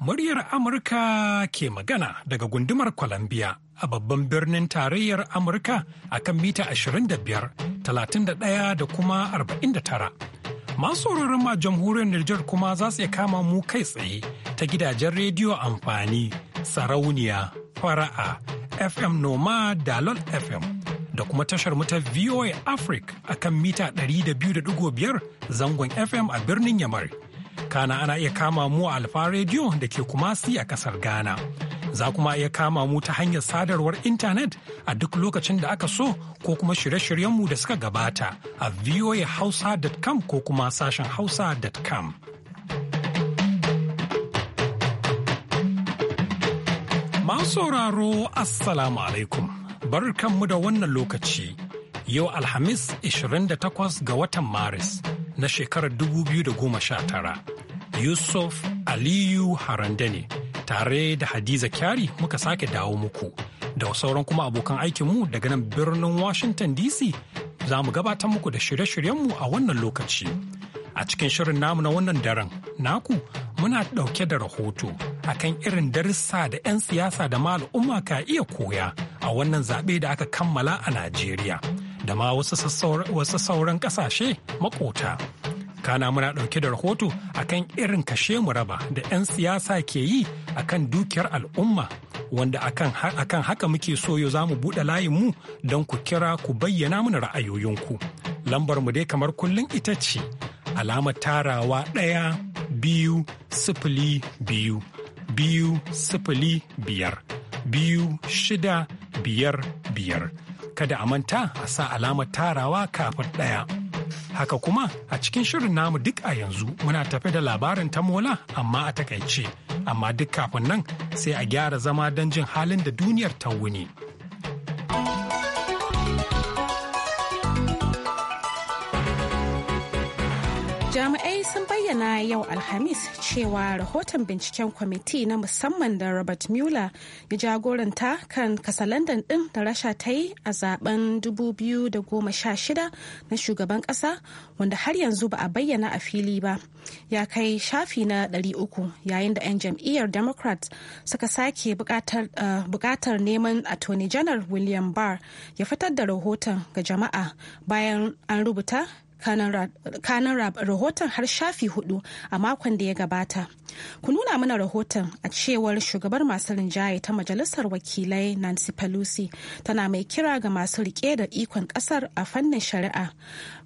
Muryar Amurka ke magana daga gundumar Columbia a babban birnin tarayyar Amurka a kan mita 25, 31 da kuma 49. Masu ma jamhuriyar Nijar kuma za su iya kama mu kai tsaye ta gidajen rediyo amfani, sarauniya, fara'a, FM Noma, Dalol FM da kuma tashar mu ta VOA Africa a kan mita 200.5 zangon FM a birnin Yamari. Kana ana iya kama mu a Alfa Radio da ke Kumasi a ƙasar Ghana. Za kuma iya kama mu ta hanyar sadarwar intanet a duk lokacin da aka so ko kuma shirye-shiryenmu da suka gabata a voahausa.com ko kuma sashen hausa.com. Masu sauraro Assalamu alaikum, barkanmu da wannan lokaci, yau Alhamis 28 ga watan Maris na shekarar 2019 yusuf aliyu harande ne tare da hadiza kyari muka sake dawo muku da sauran kuma abokan aikinmu daga nan birnin washington dc za mu gabatar muku da shirye-shiryenmu a wannan lokaci a cikin shirin namu na wannan daren naku muna ɗauke da rahoto akan irin darussa da 'yan siyasa da ma al'umma ka iya koya a wannan zaɓe da aka kammala a najeriya da ma wasu sauran kasashe makota. Kana muna ɗauke da rahoto a kan irin kashe mu raba da 'yan siyasa ke yi a kan dukiyar al'umma wanda akan haka muke soyo za mu buɗe layinmu don ku kira ku bayyana mana ra'ayoyinku. Lambar mu dai kamar kullum ita ce alamar tarawa ɗaya biyu sifili biyu biyu sifili biyar biyu shida biyar biyar. kada a manta a sa alamar tarawa kafin ɗaya. Haka kuma a cikin shirin namu duk a yanzu muna tafe da labarin ta Mola amma a takaice, amma duk kafin nan sai a gyara zama don jin halin da duniyar ta wuni. bayyana yau Alhamis cewa rahoton binciken kwamiti na musamman da Robert Mueller ya jagoranta kan kasa kasalandan din da Rasha ta yi a zaben 2016 na shugaban ƙasa wanda har yanzu ba a bayyana a fili ba ya kai shafi na 300 yayin da 'yan jam'iyyar Democrat suka sake bukatar uh, neman Attorney General William Barr ya fitar da rahoton ga jama'a bayan an rubuta kanan rahoton har shafi hudu a makon da ya gabata. Ku nuna mana rahoton a cewar shugabar masu rinjaye ta Majalisar Wakilai Nancy Pelosi tana mai kira ga masu rike da ikon kasar a fannin shari'a.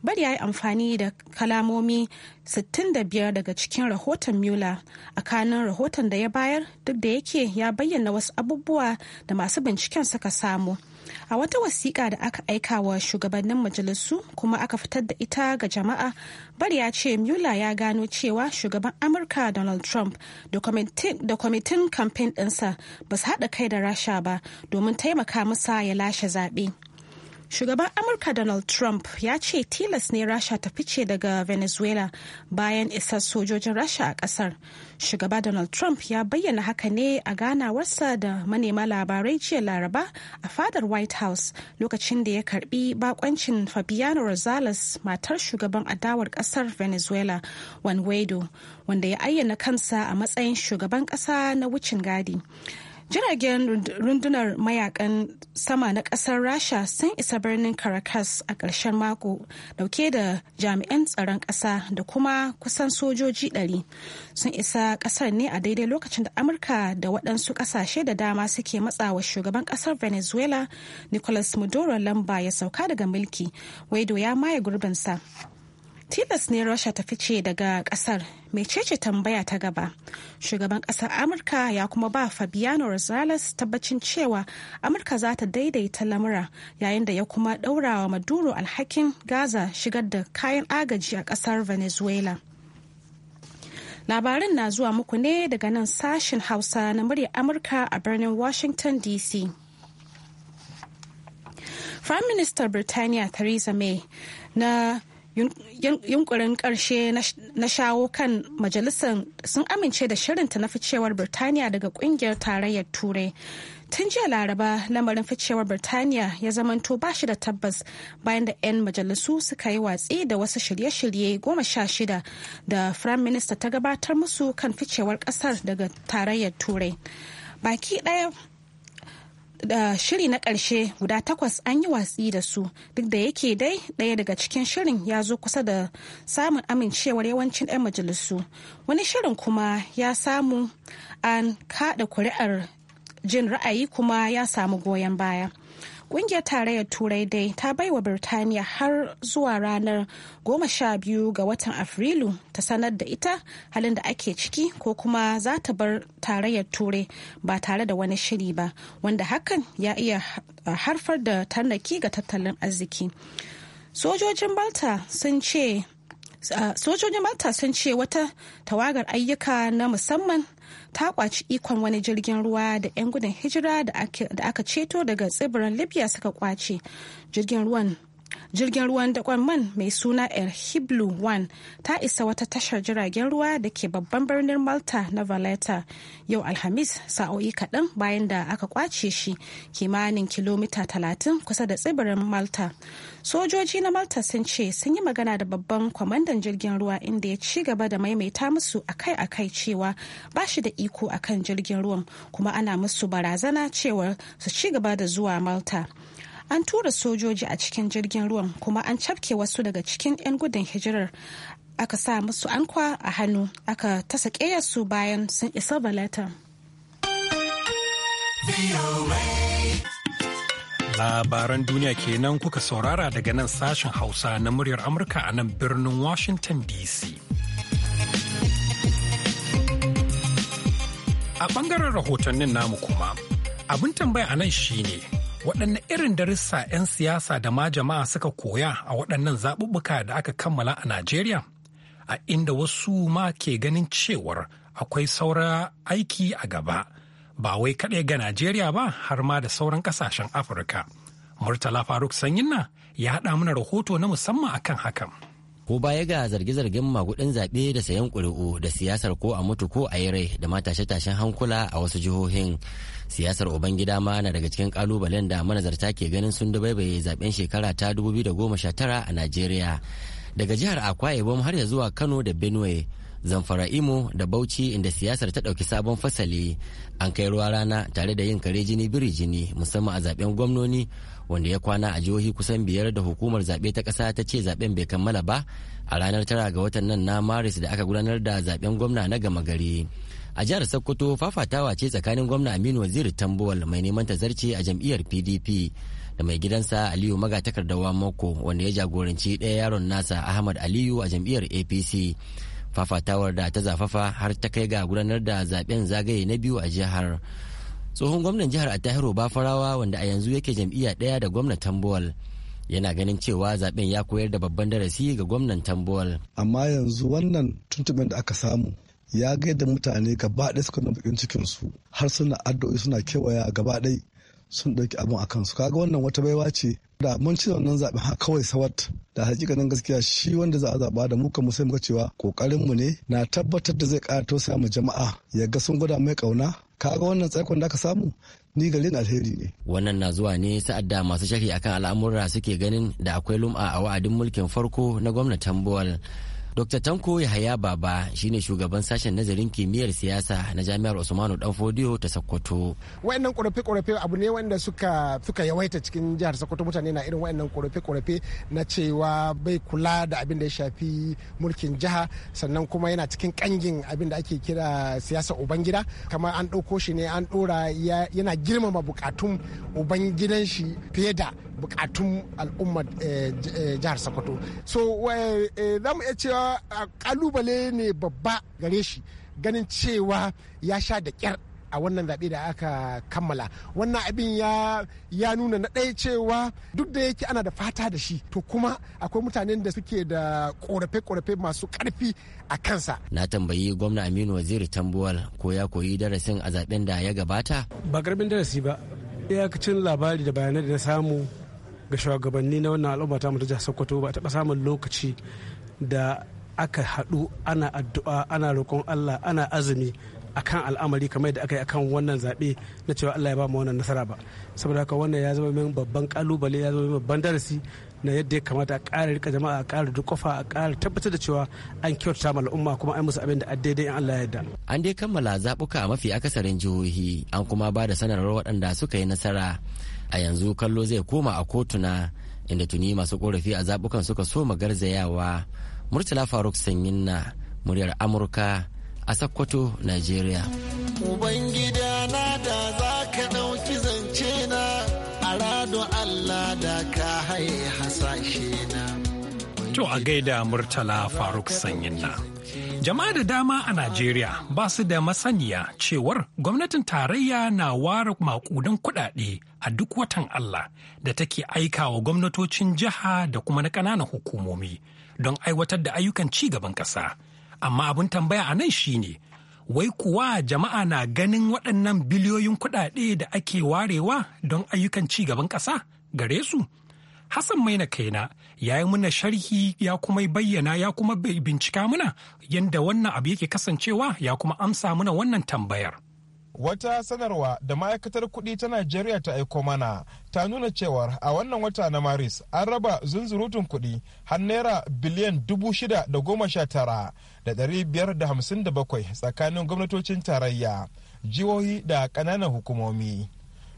Bari ya yi amfani da kalamomi 65 daga cikin rahoton Mueller a kanan rahoton da ya bayar duk da yake ya bayyana wasu abubuwa da masu binciken suka samu. a wata wasiƙa da aka aika wa shugabannin majalisu kuma aka fitar da ita ga jama'a bar ya ce muller ya gano cewa shugaban amurka donald trump da kwamitin kamfen ɗinsa ba su haɗa kai da rasha ba domin taimaka masa ya lashe zaɓe Shugaban Amurka Donald Trump ya ce tilas ne Rasha ta fice daga Venezuela bayan isar sojojin Rasha a ƙasar. Shugaba Donald Trump ya bayyana haka ne a ganawarsa da manema labarai jiya Laraba a fadar White House lokacin da ya karbi bakoncin Fabiano Rosales matar shugaban adawar ƙasar Venezuela Juan Guaido wanda ya ayyana kansa a matsayin shugaban ƙasa na wucin gadi. Jiragen rundunar mayakan sama na kasar Rasha sun isa birnin Caracas a ƙarshen mako dauke da jami'an tsaron ƙasa da kuma kusan sojoji ɗari sun isa ƙasar ne a daidai lokacin da Amurka da waɗansu ƙasashe da dama suke matsawa shugaban ƙasar Venezuela Nicolas Maduro lamba ya sauka daga mulki, Waido ya maye gurbinsa. tilas ne rasha ta fice daga kasar mecece tambaya ta gaba shugaban kasar amurka ya kuma ba fabiano rosales tabbacin cewa amurka za ta daidaita lamura yayin da ya kuma daurawa maduro alhakin gaza shigar da kayan agaji a kasar venezuela labarin na zuwa muku ne daga nan sashen hausa na murya amurka a birnin washington dc prime minister birtaniya theresa may na yunkurin ƙarshe na shawo kan majalisar sun amince da shirinta na ficewar birtaniya daga ƙungiyar tarayyar turai tun jiya laraba lamarin ficewar birtaniya ya zamanto ba shi da tabbas bayan da 'yan majalisu suka yi watsi da wasu shirye-shirye goma sha shida da firayim minista ta gabatar musu kan ficewar ƙasar daga tarayyar turai baki ɗaya da shiri na ƙarshe guda takwas an yi watsi da su duk da yake dai ɗaya daga cikin shirin ya zo kusa da samun amincewar yawancin 'yan majalisu wani shirin kuma ya samu an kaɗa kuri'ar jin ra'ayi kuma ya samu goyon baya Ƙungiyar Tarayyar Turai dai ta bai wa Birtaniya har zuwa ranar goma sha biyu ga watan Afrilu ta sanar da ita halin da ake ciki ko kuma za ta bar Tarayyar Turai ba tare da wani shiri ba, wanda hakan ya iya harfar da tarnaki ga tattalin arziki. Sojojin Balta sun ce sojojin Malta sun ce wata tawagar ayyuka na musamman ta kwaci ikon wani jirgin ruwa da 'yan gudun hijira da aka ceto daga tsibirin libya suka kwace jirgin ruwan jirgin ruwan dakon man mai suna el hiblu 1 ta isa wata tashar jiragen ruwa da ke babban birnin malta na valletta yau alhamis sa'o'i kaɗan bayan da aka kwace shi kimanin kilomita 30 kusa da tsibirin malta sojoji na malta sun ce sun yi magana da babban kwamandan jirgin ruwa inda ya ci gaba da maimaita musu akai-akai cewa ba shi da iko akan jirgin ruwan kuma ana musu barazana cewar su ci gaba da zuwa malta an tura sojoji a cikin jirgin ruwan kuma an cafke wasu daga cikin 'yan gudun hijirar aka sa musu ankwa a hannu aka tasa su bayan sun isa balata labaran duniya kenan kuka saurara daga nan sashen hausa na muryar amurka a nan birnin washington dc a ɓangaren rahotannin namu kuma abin tambaya a nan shine waɗanne irin darussa 'yan siyasa da ma jama'a suka koya a waɗannan zaɓuɓɓuka da aka kammala a Najeriya? A inda wasu ma ke ganin cewar akwai saura aiki a gaba, ba wai kaɗai ga Najeriya ba har ma da sauran ƙasashen Afirka. Murtala Faruk Sanyinna ya haɗa mana rahoto na musamman akan hakan. ko baya ga zarge-zargen magudin zaɓe da sayan ƙuri'u da siyasar ko a mutu ko a yi rai da matashe tashen hankula a wasu jihohin siyasar ubangida ma na daga cikin ƙalubalen da manazarta ke ganin sun dabaibaye zaɓen shekara ta 2019 a najeriya daga jihar akwa ibom har ya zuwa kano da benue zamfara imo da bauchi inda siyasar ta ɗauki sabon fasali an kai ruwa rana tare da yin kare jini biri jini musamman a zaben gwamnoni wanda ya kwana a jihohi kusan biyar da hukumar zaɓe ta ƙasa ta ce zaben bai kammala ba a ranar tara ga watan nan na maris da aka gudanar da zaben gwamna na gama gari a jihar sokoto fafatawa ce tsakanin gwamna aminu waziri tambuwal mai neman tazarce a jam'iyyar pdp da mai gidansa aliyu magatakardawa mako wanda ya jagoranci ɗaya yaron nasa ahmad aliyu a jam'iyyar apc fafatawar da ta zafafa har ta kai ga gudanar da zaben zagaye na biyu a jihar tsohon gwamnan jihar a ba farawa wanda a yanzu yake jam'iyya ɗaya da gwamnan tambuwal yana ganin cewa zaben ya koyar da babban darasi ga gwamnan tambuwal amma yanzu wannan tuntuɓin da aka samu ya gaida mutane gaba ɗaya suka bakin cikin su har suna addu'o'i suna kewaya gaba ɗaya sun ɗauki abin a kansu kaga wannan wata baiwa ce da mun ci wannan ha kawai sawat da hakikanin gaskiya shi wanda za a zaba da mu kan sai muka cewa kokarin mu ne na tabbatar da zai karato sa mu jama'a ya ga sun gwada mai kauna kaga wannan tsaikon da aka samu ni garin alheri ne. Wannan na zuwa ne sa'ad da masu shafi akan al'amura suke ganin da akwai lum'a a wa'adin mulkin farko na gwamnatin Buwal. Dr. Tanko Yahaya Baba shine shugaban sashen nazarin kimiyyar siyasa na Jami'ar Usmanu Danfodiyo ta Sokoto. Wayannan korafe-korafe abu ne wanda suka suka yawaita cikin jihar Sokoto mutane na irin wayannan korafe-korafe na cewa bai kula da abin da ya shafi mulkin jiha sannan kuma yana cikin kangin abin da ake kira siyasa ubangida kamar an ɗauko shi ne an ɗora yana girmama bukatun ubangidan shi fiye da bukatun al'ummar eh, eh, jihar Sokoto. So eh, za mu iya cewa a kalubale ne babba gare shi ganin cewa ya sha da kyar a wannan zaɓe da aka kammala wannan abin ya nuna na ɗaya cewa duk da yake ana da fata da shi to kuma akwai mutanen da suke da ƙorafe korafe masu ƙarfi a kansa na tambayi gwamna aminu waziri tambuwal ko ya koyi darasin a zaɓen da ya gabata ba ƙarfin darasi ba iyakacin labari da bayanai da na samu ga shugabanni na wannan al'umma ta ta jihar sokoto ba taɓa samun lokaci da aka haɗu ana addu'a ana roƙon Allah ana azumi akan al'amari kamar yadda aka yi akan wannan zaɓe na cewa Allah ya ba mu wannan nasara ba saboda haka wannan ya zama min babban kalubale ya zama min babban darasi na yadda ya kamata a ƙara rika jama'a a ƙara dukofa a ƙara tabbatar da cewa an kyautata ma al'umma kuma an musu abin da daidai in Allah ya yarda an dai kammala zaɓuka a mafi akasarin jihohi an kuma ba da sanarwar waɗanda suka yi nasara a yanzu kallo zai koma a kotuna inda tuni masu korafi a zaɓukan suka so magarzayawa garzayawa murtala faruk sanyin na muryar amurka a sakkwato nigeria ubangida da za ɗauki zance na a allah da ka haye na to a gaida murtala faruk Sanyinna, Jama'a da dama a Najeriya ba su da masaniya cewar gwamnatin tarayya na ware makudan kuɗaɗe a duk watan Allah da take aikawa gwamnatocin jiha da kuma na ƙananan hukumomi don aiwatar da ayyukan ci gaban ƙasa. Amma abin tambaya a nan shine, wai kuwa jama'a na ganin waɗannan biliyoyin kuɗaɗe da ake warewa don ayyukan ci gaban ƙasa gare su? Hassan Maina kaina ya yi muna sharhi ya kuma bayyana ya kuma bincika muna yadda wannan abu yake kasancewa ya kuma amsa muna wannan tambayar. Wata sanarwa da ma'aikatar kuɗi ta Najeriya ta aiko mana ta nuna cewar a wannan wata na Maris an raba zunzurutun kuɗi har naira biliyan dubu shida da goma sha tara da ɗari biyar da hamsin da bakwai tsakanin gwamnatocin tarayya, jihohi da ƙananan hukumomi.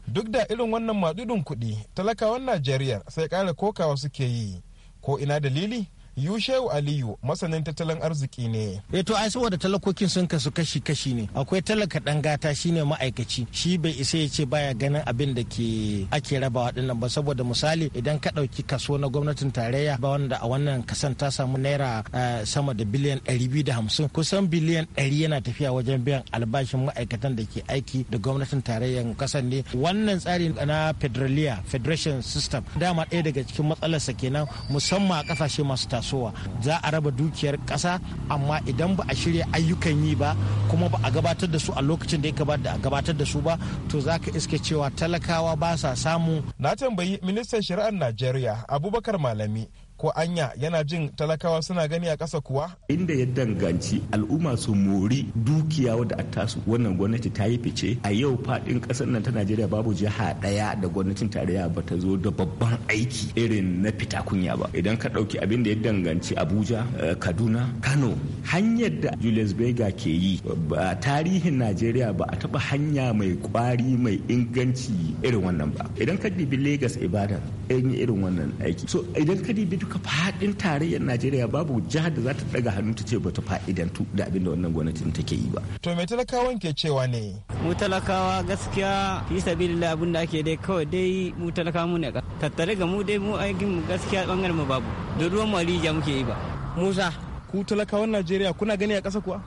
Duk da irin wannan maɗuɗin kuɗi, talakawan Najeriya sai ƙara kokawa suke yi. Ko ina dalili? Yushewu Aliyu masanin tattalin arziki ne. E to ai saboda talakokin sun kasu kashi-kashi ne. Akwai talaka dan gata shine ma'aikaci. Shi bai isa ya ce baya ganin abin da ke ake rabawa dinnan ba saboda misali idan ka ɗauki kaso na gwamnatin tarayya ba wanda a wannan kasan ta samu naira eh, sama da biliyan 250 kusan biliyan 100 yana tafiya wajen biyan albashin ma'aikatan da ke aiki da gwamnatin tarayyar kasan ne. Wannan tsari na Federalia Federation System dama ɗaya daga cikin matsalarsa kenan musamman a kasashe masu tasowa. tasowa za a raba dukiyar kasa amma idan ba a shirya ayyukan yi ba kuma ba a gabatar da su a lokacin da ya gabatar da su ba to za ka iske cewa talakawa ba sa samu na tambayi ministan shari'ar najeriya abubakar malami ko anya yana jin talakawa suna gani a ƙasa kuwa? Inda ya danganci al'umma su mori dukiya wadda a tasu wannan gwamnati ta yi fice a yau faɗin ƙasar nan ta Najeriya babu jiha ɗaya da gwamnatin tarayya ba ta zo da babban aiki irin na fita kunya ba. Idan ka ɗauki abin da ya danganci Abuja, eh, Kaduna, Kano, hanyar da Julius Berger ke yi ba tarihin Najeriya ba a taɓa hanya mai kwari mai inganci irin wannan ba. Idan ka dibi Lagos Ibadan, an yi irin wannan aiki. So idan ka dibi duka fadin tarayyar najeriya babu jihar da za ta daga hannu ta ce bata fa'idantu da abin da wannan gwamnatin take yi ba to mai talakawan ke cewa ne mu talakawa gaskiya fi sabilillah abin da ake dai kawai dai mu talakawa mu ne tattare ga mu dai mu aikin mu gaskiya bangaren mu babu da ruwan malija muke yi ba musa ku talakawan najeriya kuna gani a ƙasa kuwa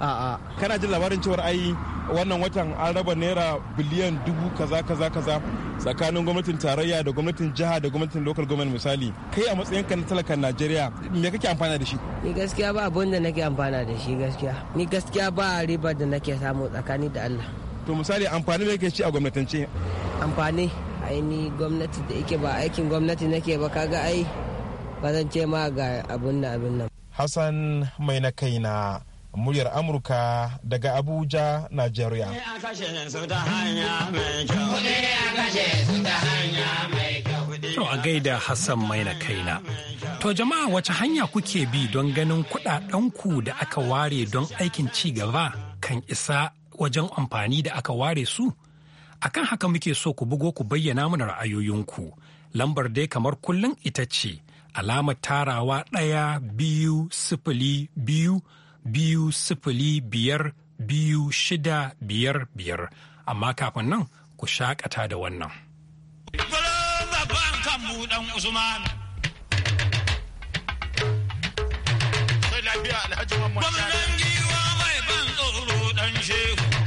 a'a kana jin labarin cewar ai wannan watan an raba naira biliyan dubu kaza kaza kaza tsakanin gwamnatin tarayya da gwamnatin jiha da gwamnatin local government misali kai a matsayin ka na talakan najeriya me kake amfana da shi ni gaskiya ba abun da nake amfana da shi gaskiya ni gaskiya ba riba da nake samu tsakani da allah to misali amfani me kake ci a gwamnatance amfani aini gwamnati da yake ba aikin gwamnati nake ba kaga ai ba zan ce ma ga abun nan abin nan hassan mai na kaina muryar amurka daga abuja nigeria to a gaida hassan maina kaina to jama'a wace hanya kuke bi don ganin ku da aka ware don aikin ci gaba kan isa wajen amfani da aka ware su akan haka muke so ku bugo ku bayyana mana ra'ayoyinku lambar dai kamar kullum ita ce alamar tarawa ɗaya biyu sifili biyu biyu sifili biyar biyu shida biyar biyar amma kafin nan ku shakata da wannan. Bamanan giwa mai ban tsoro ɗan shehu.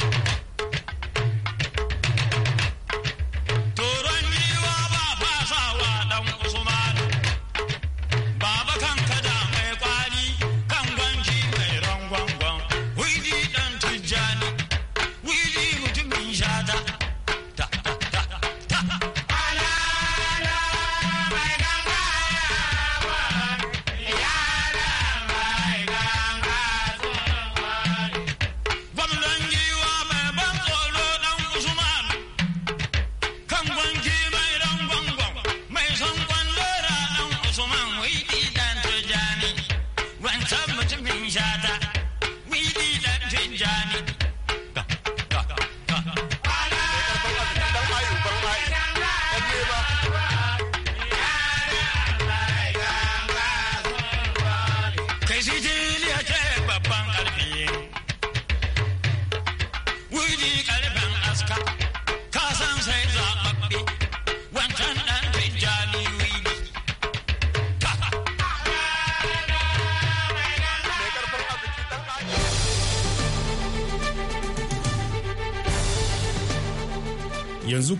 Watch me.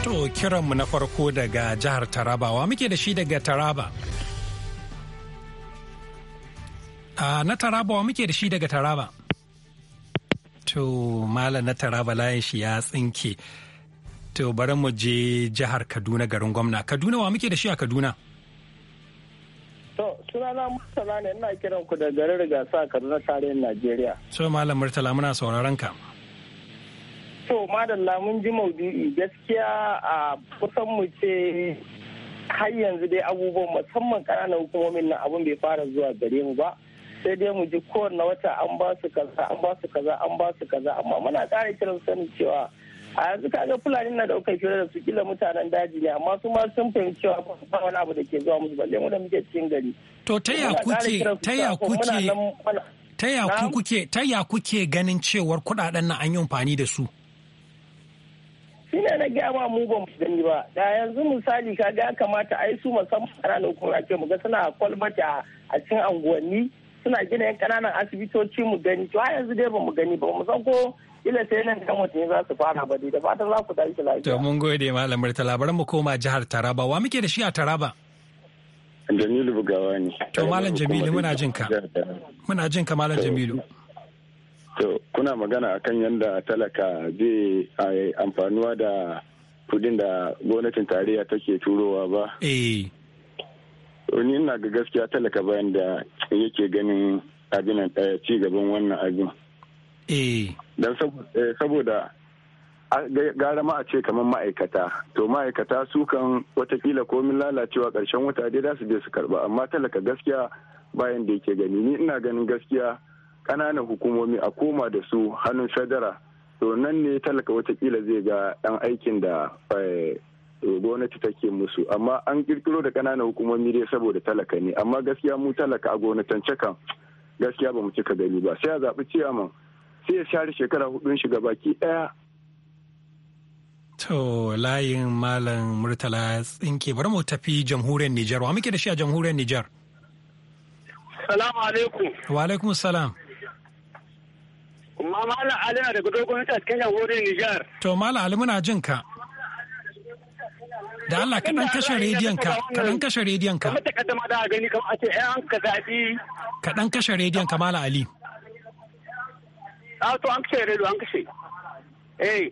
To kiranmu na farko daga jihar Taraba wa muke da shi daga Taraba. A na Taraba wa muke da shi daga Taraba. To mala na Taraba layin shi ya tsinke. To bari mu je jihar Kaduna garin gwamna. Kaduna wa muke da shi a Kaduna? To sunana Murtala ne ina kiran ku da garin Rigasa Kaduna tarayyar Najeriya. So malam Murtala muna sauraron ka. to madalla mun ji maudu'i gaskiya a kusan mu ce har yanzu dai abubuwan musamman kananan hukumomin nan abun bai fara zuwa gare mu ba sai dai mu ji kowane wata an ba su kaza an ba su kaza an ba su kaza amma muna ƙara kiran sanin cewa a yanzu kaga fulani na daukar fiye da su kila mutanen daji ne amma su ma sun fahimci cewa ba wani abu da ke zuwa musu balle mu da muke cikin gari to ta ya kuke ta ya kuke ta ya kuke ta kuke ganin cewar kudaden na an yi amfani da su shine na gaya mu ba mu gani ba da yanzu misali ka ga kamata ai su musamman ƙananan kuma ake mu ga suna kwalbata a cikin anguwanni suna gina yan ƙananan asibitoci mu gani to yanzu dai ba mu gani ba mu san ko ila sai nan kan mutane za su fara ba da fatan za ku tashi lafiya. to mun gode malam Murtala bari mu koma jihar Taraba wa muke da shi a Taraba. Jamilu Bugawa ne. To Malam Jamilu muna jin ka. Muna jin ka Malam Jamilu. To, kuna magana akan yadda talaka zai amfanuwa da kudin da gwamnatin tarayya take turowa ba. Eh. Ni ina ga gaskiya talaka bayan da yake ganin ɗaya eh, ci gaban wannan abin. Eh. Don saboda gara ma a ce kamar ma'aikata to ma'aikata su kan watakila komin lalacewa karshen wata dai za su je su karba amma talaka gaskiya bayan da yake gani ni ina ganin gaskiya kananan hukumomi a koma da su hannun sadara to nan ne talaka watakila zai ga ɗan aikin da eh, gwamnati take musu amma an kirkiro da kananan hukumomi dai saboda talaka ne amma gaskiya mu talaka a gwamnatance kan gaskiya ba mu cika gari ba sai a zaɓi ciyaman sai ya share shekara hudun shiga baki ɗaya To layin Malam Murtala tsinke bari mu tafi jamhuriyar Nijar. Wa muke da shi a jamhuriyar Nijar? Salamu alaikum. Wa alaikum salam. Malam Ali na daga dogon ta cikin wurin Nijar. To Malam Ali muna jin ka. Da Allah kaɗan kashe rediyon ka, kaɗan kashe rediyon ka. Kamar takaddama da gani kamar a ce ‘yan eh, ka zaɓi. Kaɗan kashe rediyon ka Malam Ali. A ah, to an kashe rediyo an kashe. Eh,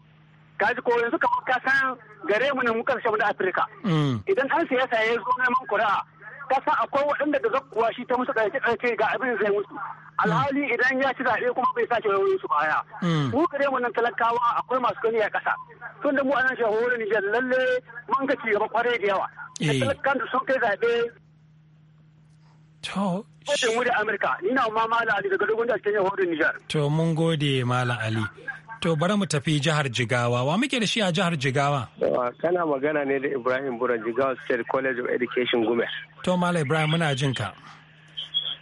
ko yanzu ka san gare mu ne mu da Afirka. Mm. Idan an siyasa ya zo neman kuri'a kasa akwai waɗanda da zakuwa shi ta musu ƙarfi ƙarfi ga abin zai musu alhali idan ya ci zaɓe kuma bai sake wayoyin su baya hmm. mu gare mu nan talakawa akwai masu gani a ƙasa tun da mu anan shahararren Nijar lalle mun ga ci gaba kwarai da yawa eh. talakan da sun kai zaɓe To. shi. wuri ina ma Ali daga dogon da cikin Nijar. To mun gode Mala Ali. To bari mu tafi jihar Jigawa. Wa muke da shi a jihar Jigawa? Kana magana ne da Ibrahim Bura Jigawa State College of Education Gume. To Mala Ibrahim muna jin ka.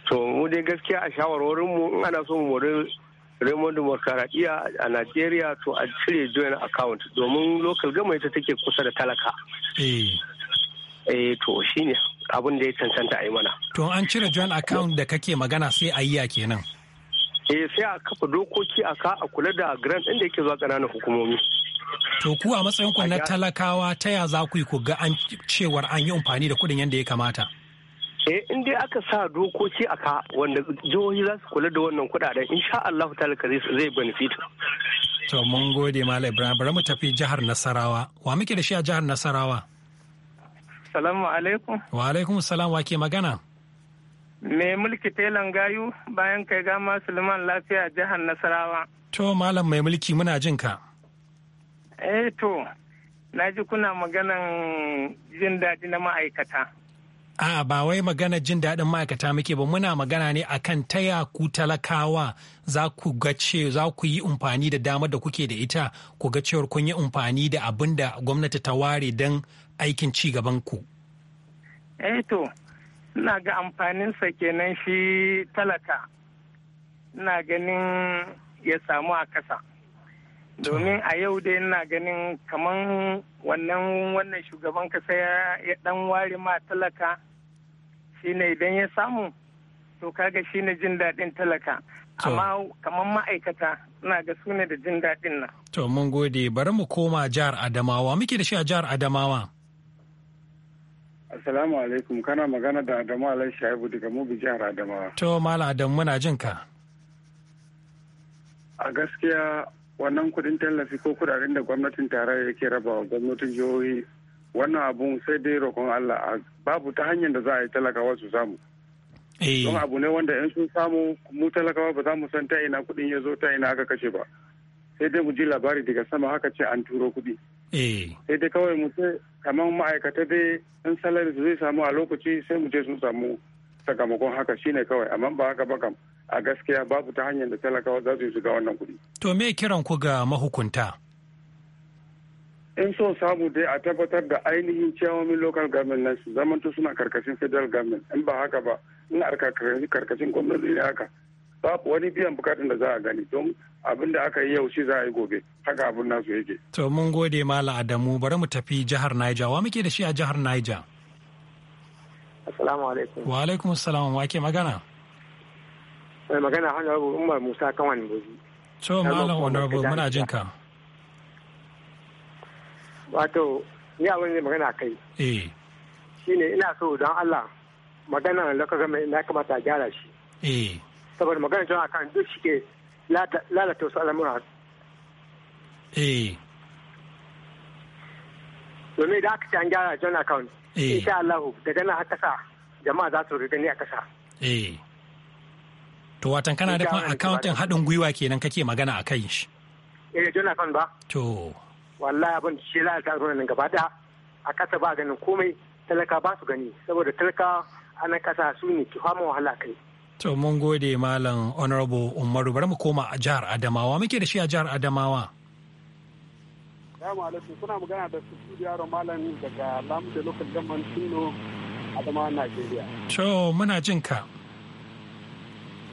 To mu dai gaskiya a shawarwarin mu ana so mu mori Raymond Morkaradiya a Najeriya to a cire join account domin local gama ita take kusa da talaka. Eh. Eh to shine. abin da ya cancanta a yi mana. To an cire joint account da kake magana sai a yi ya kenan. Eh sai a kafa dokoki a ka a kula da grant ɗin yake zuwa ƙananan hukumomi. To ku a matsayin ku na talakawa ta ya za ku yi ku ga an cewar an yi amfani da kuɗin yadda ya kamata? Eh in dai aka sa dokoki a ka wanda jihohi za su kula da wannan kuɗaɗen insha Allah talaka zai benefit. To mun gode Malam Ibrahim bari mu tafi jihar Nasarawa. Wa muke da shi a jihar Nasarawa? Assalamu alaikum. Wa alaikum salam wa ke magana? Me mulki telan gayu bayan kai gama Suleiman lafiya jihar Nasarawa. To malam mai mulki muna jin ka. Eh to, na ji kuna maganan jin daɗi na ma'aikata. A'a ba wai magana jin daɗin ma'aikata muke ba muna magana ne akan taya ku talakawa za ku ga za ku yi umfani da damar da kuke da ita ku ga cewar kun yi umfani da abin da gwamnati ta ware don aikin ci gaban ku. Eh to, ina ga amfaninsa kenan shi talaka. Ina ganin ya samu a kasa. Domin a yau dai ina ganin kaman wannan wannan shugaban kasa ya dan ware ma talaka. shine idan ya samu to kaga shine jin daɗin talaka amma kamar ma'aikata na ga sune da jin daɗin nan. To mun gode bari mu koma jihar Adamawa muke da shi a jihar Adamawa. Assalamu alaikum kana magana da Adamu Alai Shaibu daga Mubi jihar Adamawa. To mala Adamu muna jin ka. A gaskiya wannan kudin tallafi ko kudaden da gwamnatin tarayya yake rabawa gwamnatin jihohi wannan abun sai dai roƙon Allah babu ta hanyar da za a yi talakawa su samu eh. don abu ne wanda in sun samu mu talakawa ba za mu san ta ina kuɗin ya zo ta ina aka kashe ba sai dai mu ji labari daga sama haka ce an turo kuɗi eh. sai dai kawai mu sai kamar ma'aikata dai in salari su zai samu a lokaci sai mu je sun samu sakamakon haka Shi ne kawai amma ba haka ba a gaskiya babu ta hanyar da talakawa za su yi su wannan kuɗi. to me kiran ku ga mahukunta. in so samu dai a tabbatar da ainihin ciyawomin local government na su to suna karkashin federal government in ba haka ba in a karkashin gwamnati ne haka babu wani biyan bukatun da za a gani don abin da aka yi yau shi za a yi gobe haka abin nasu yake. to mun gode mala adamu bari mu tafi jihar naija wa muke da shi a jihar naija. assalamu alaikum. wa alaikum assalam wa ke magana. mai magana hanyar umar musa kawan bozi. to mala honorable muna jin ka. wato ni abin zai magana kai eh. Shi ne ina so don Allah magana na ka zama ina kamata a gyara shi eh. saboda magana jama'a kan duk shi ke lalata wasu al'amura eh. domin da aka ce an gyara joint account insha Allah daga nan haka sa jama'a za su ni a kasa to watan kana da accountin haɗin gwiwa kenan kake magana a kan shi eh joint account ba to wallahi abin shi za a nan gaba da a kasa ba ganin komai talaka ba su gani saboda talaka ana kasa su ne ki fama wahala kai to mun gode malam honorable umaru bari mu koma a jihar adamawa muke da shi a jihar adamawa Salamu alaikum kuna magana da su yaro malam daga da lokacin adamawa najeriya to muna jin ka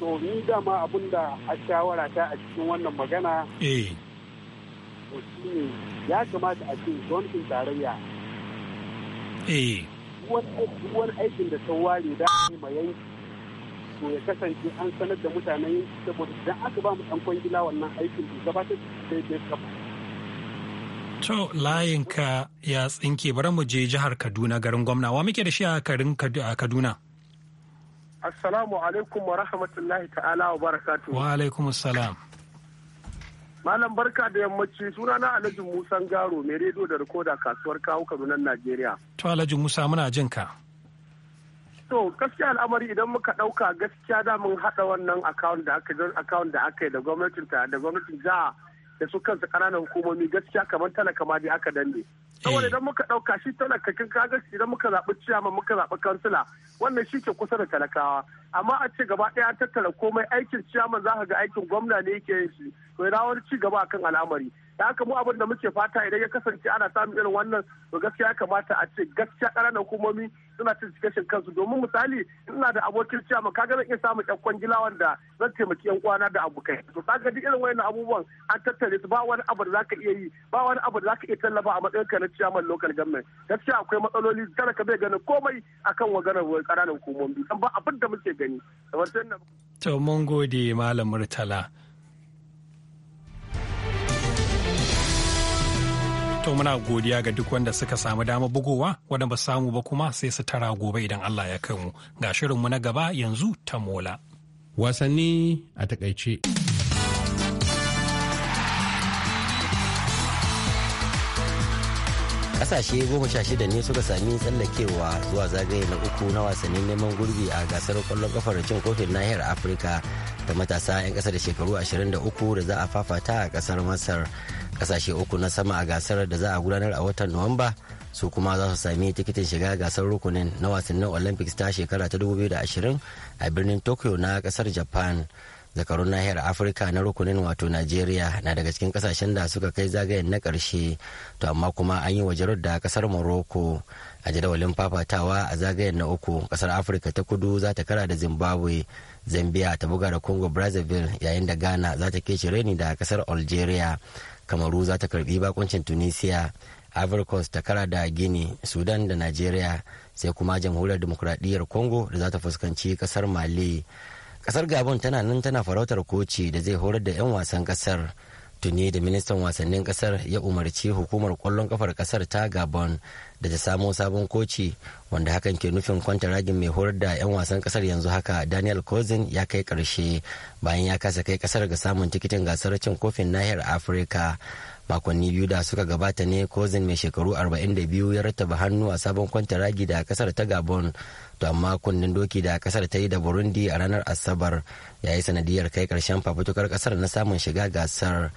to ni dama abinda da a shawara ta a cikin wannan magana eh ya kamata a ce gwamnatin tarayya eh. wani aikin da ta ware da ma yanki to ya kasance an sanar da mutanen yanki saboda idan aka ba mu ɗan kwangila wannan aikin to gabatar da ya kafa. To layinka ya tsinke bari mu je jihar Kaduna garin gwamna wa muke da shi a garin Kaduna. Assalamu alaikum wa rahmatullahi ta'ala wa barakatuhu. Wa alaikum assalam. Malam barka da yammaci suna na Alhaji Musa Garo mai rediyo da rikoda kasuwar kawo Kaduna Najeriya. To Alhaji Musa muna jin ka. To gaskiya al'amari idan muka ɗauka gaskiya da mun haɗa wannan akawun da aka da aka yi da gwamnatin ta da gwamnatin jiha da su kansu ƙananan hukumomi gaskiya kamar talaka ma dai aka danne. saboda eh. idan muka ɗauka shi talakakin kaga shi idan muka zaɓi ciyama muka zaɓi kansila wannan shi ke kusa da talakawa amma a ce gaba ɗaya tattara komai aikin ciyama za ka ga aikin gwamna ne yake yin shi to ina wani ci gaba akan al'amari da haka mu abin da muke fata idan ya kasance ana samun irin wannan to gaskiya ya kamata a ce gaskiya ƙananan hukumomi suna cin cikashin kansu domin misali ina da abokin ciyama kaga zan iya samun yan kwangila wanda zan taimaki yan uwana da abokai to kaga duk irin wayannan abubuwan an tattare su ba wani abu da zaka iya yi ba wani abu da zaka iya tallafa a matsayin ka na ma local government gaskiya akwai matsaloli kada ka bai ganin komai akan waganar ƙananan hukumomi ba abin da muke gani to mun gode malam murtala To muna godiya ga duk wanda suka samu dama bugowa wanda ba samu ba kuma sai su tara gobe idan Allah ya kai mu. Ga shirinmu na gaba yanzu ta mola. Wasanni a takaice. kasashe goma sha shida ne suka sami tsallakewa zuwa zagaye na uku na wasannin neman gurbi a gasar kwallon kafar cin kofin nahiyar afirka da matasa 'yan kasa da shekaru 23 da za a fafata a kasar masar kasashe uku na sama a gasar da za a gudanar a watan nuwamba su kuma za su sami tikitin shiga gasar rukunin na wasannin olympics ta shekara ta 2020 a birnin tokyo na kasar japan zakarun nahiyar afirka na rukunin wato najeriya na daga cikin kasashen da suka kai zagayen na karshe to amma kuma an yi wajarar da kasar morocco a jadawalin fafatawa a zagayen na uku kasar afirka ta kudu za ta kara da zimbabwe zambia ta buga da congo brazzaville yayin da ghana za ta kece reni da kasar algeria kamaru za ta karbi bakuncin tunisia ivory coast ta kara da gini sudan da nigeria sai kuma jamhuriyar demokuraɗiyyar congo da za ta fuskanci kasar mali kasar gabon tana nan tana farautar koci da zai horar da 'yan wasan kasar tuni da ministan wasannin kasar ya umarci hukumar kwallon kafar kasar ta gabon da ta samo sabon koci wanda hakan ke nufin kwanta ragin mai horar da 'yan wasan kasar yanzu haka daniel cozin ya kai karshe bayan ya kasa kai kasar ga samun tikitin gasar cin kofin nahiyar afirka makonni biyu da suka gabata ne kozin mai shekaru 42 ya rattaba hannu a sabon kwantaragi da kasar ta gabon to amma kundin doki da kasar ta yi da burundi a ranar asabar ya yi sanadiyar kai karshen fafutukar kasar na samun shiga gasar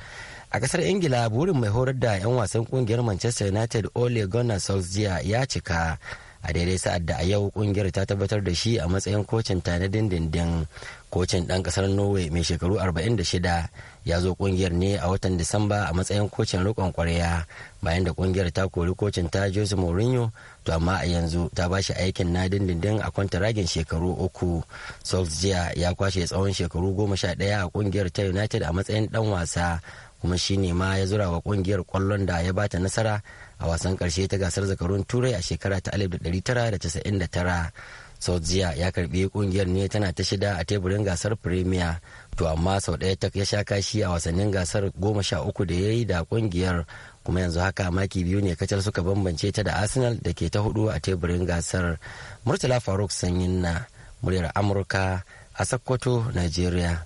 a kasar ingila burin mai horar da 'yan wasan kungiyar manchester united ole gunnar solskjaer ya cika a daidai sa'ad da a yau kungiyar ta tabbatar da shi a matsayin kocin ta na dindindin kocin ɗan ƙasar norway mai shekaru 46 ya zo ƙungiyar ne a watan disamba a matsayin kocin riƙon ƙwarya bayan da ƙungiyar ta kori kocin ta jose mourinho to amma a yanzu ta ba shi aikin na dindindin a kwanta ragin shekaru uku solskjaer ya kwashe tsawon shekaru goma sha ɗaya a ƙungiyar ta united a matsayin ɗan wasa kuma shi ne ma ya zura wa kungiyar kwallon da ya bata nasara a wasan karshe ta gasar zakarun turai a shekara ta 1999 Saudiya ya karbi kungiyar ne tana ta shida a teburin gasar Premier to amma sau ɗaya ta ya sha kashi a wasannin gasar goma sha uku da ya yi da kungiyar kuma yanzu haka maki biyu ne kacal suka bambance ta da Arsenal da ke ta hudu a teburin gasar. Murtala Faruk Sanyin na muryar Amurka a Sokoto, Nigeria.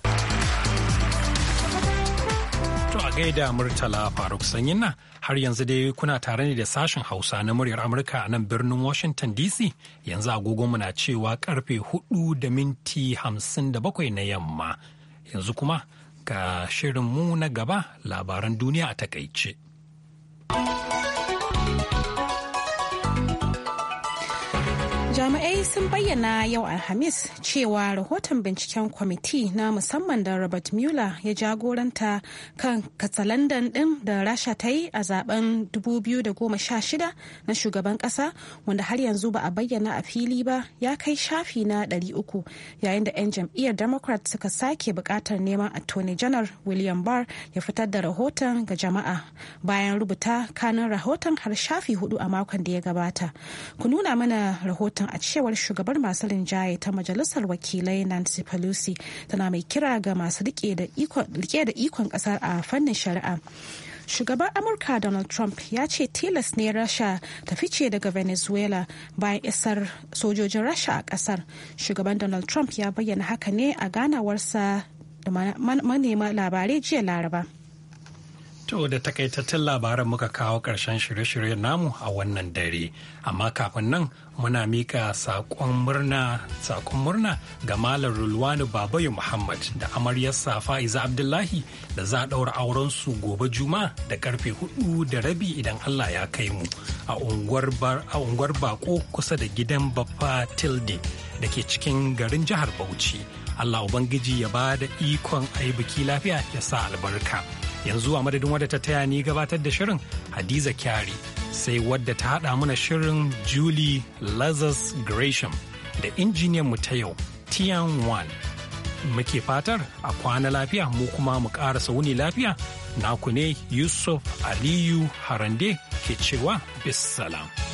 gaida Murtala Faruk Sanyina har yanzu dai kuna tare ne da sashen Hausa na muryar Amurka a nan birnin Washington DC yanzu agogonmu na cewa karfe hudu da minti hamsin da bakwai na yamma. Yanzu kuma ga shirin mu na gaba labaran duniya a takaice. Jami'ai sun bayyana yau alhamis cewa rahoton binciken kwamiti na musamman da robert mueller ya jagoranta kan katsalandan din da rasha ta yi a zaben 2016 na shugaban kasa wanda har yanzu ba a bayyana a fili ba ya kai shafi na 300 yayin da 'yan jam'iyyar democrat suka sake bukatar neman attorney general william barr ya fitar da rahoton ga jama'a bayan rubuta kanin rahoton har shafi hudu a makon da ya gabata ku nuna mana rahoton a cewar shugabar masu rinjaye ta majalisar wakilai nancy pelosi tana mai kira ga masu rike da ikon kasar a fannin shari'a shugaban amurka donald trump ya ce tilas ne rasha ta fice daga venezuela bayan isar sojojin rasha a kasar shugaban donald trump ya bayyana haka ne a ganawarsa da manema labarai jiya laraba To da takaitattun labaran muka kawo ƙarshen shirye-shiryen namu a wannan dare, amma kafin nan muna mika saƙon murna murna ga Malam Rulwani Babayu Muhammad da amaryarsa Fa'iza Abdullahi da za a ɗaura aurensu gobe Juma da karfe hudu da rabi idan Allah ya kai mu a unguwar Bako kusa da gidan Baffa Tilde da ke cikin garin jihar Bauchi. Allah Ubangiji ya ba da ikon ai biki lafiya ya sa albarka. yanzu a madadin wadda ta taya ni gabatar da shirin hadiza kyari sai wadda ta hada mana shirin julie lazarus gresham da injiniyan mu ta yau tian wan muke fatar a kwana lafiya mu kuma mu kara wuni lafiya naku ne yusuf aliyu harande ke cewa bisalam. salam